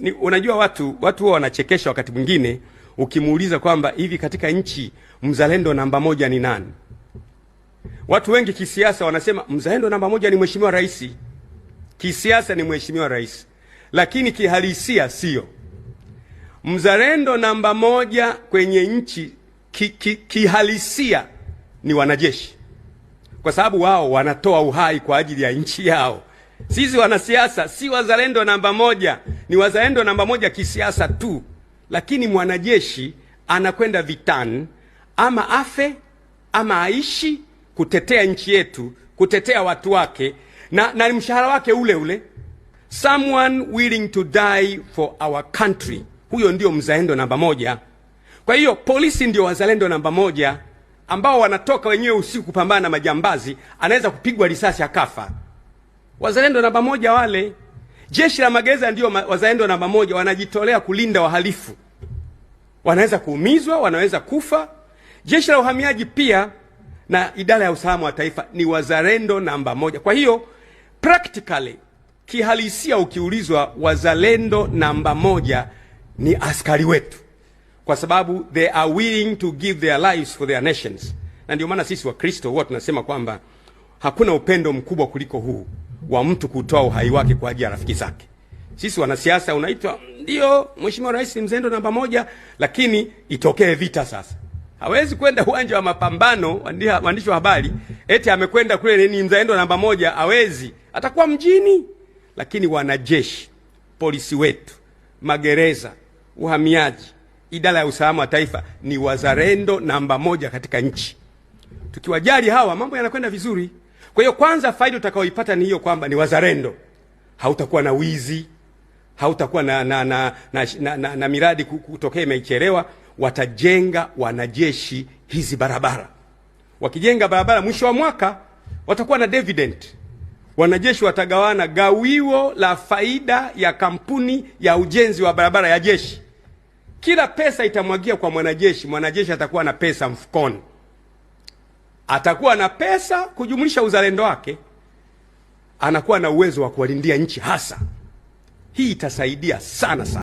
ni, unajua watu watu huwa wanachekesha wakati mwingine ukimuuliza kwamba hivi katika nchi mzalendo namba moja ni nani? Watu wengi kisiasa wanasema mzalendo namba moja ni mheshimiwa rais, kisiasa ni mheshimiwa rais, lakini kihalisia sio mzalendo namba moja kwenye nchi ki, ki, kihalisia ni wanajeshi, kwa sababu wao wanatoa uhai kwa ajili ya nchi yao. Sisi wanasiasa si wazalendo namba moja, ni wazalendo namba moja kisiasa tu, lakini mwanajeshi anakwenda vitani, ama afe ama aishi kutetea nchi yetu, kutetea watu wake, na, na mshahara wake ule ule. Someone willing to die for our country, huyo ndio mzalendo namba moja. Kwa hiyo polisi ndio wazalendo namba moja ambao wanatoka wenyewe usiku kupambana na majambazi, anaweza kupigwa risasi akafa. Wazalendo namba moja wale, jeshi la magereza ndio wazalendo namba moja, wanajitolea kulinda wahalifu. Wanaweza kuumizwa, wanaweza kufa. Jeshi la uhamiaji pia na idara ya usalama wa taifa ni wazalendo namba moja. Kwa hiyo practically, kihalisia, ukiulizwa, wazalendo namba moja ni askari wetu, kwa sababu they are willing to give their lives for their nations. Na ndio maana sisi Wakristo huwa tunasema kwamba hakuna upendo mkubwa kuliko huu wa mtu kutoa uhai wake kwa ajili ya rafiki zake. Sisi wanasiasa unaitwa ndio Mheshimiwa Rais mzendo namba moja, lakini itokee vita sasa. Hawezi kwenda uwanja wa mapambano, waandishi wa habari, eti amekwenda kule nini mzendo namba moja, hawezi. Atakuwa mjini. Lakini wanajeshi, polisi wetu, magereza, uhamiaji, idara ya usalama wa taifa ni wazalendo namba moja katika nchi. Tukiwajali hawa, mambo yanakwenda vizuri. Kwa hiyo kwanza faida utakaoipata ni hiyo kwamba ni wazalendo, hautakuwa na wizi, hautakuwa na, na, na, na, na, na, na miradi kutokea imeichelewa. Watajenga wanajeshi hizi barabara, wakijenga barabara mwisho wa mwaka watakuwa na dividend. Wanajeshi watagawana gawio la faida ya kampuni ya ujenzi wa barabara ya jeshi. Kila pesa itamwagia kwa mwanajeshi, mwanajeshi atakuwa na pesa mfukoni atakuwa na pesa kujumlisha uzalendo wake, anakuwa na uwezo wa kuwalindia nchi hasa. Hii itasaidia sana sana.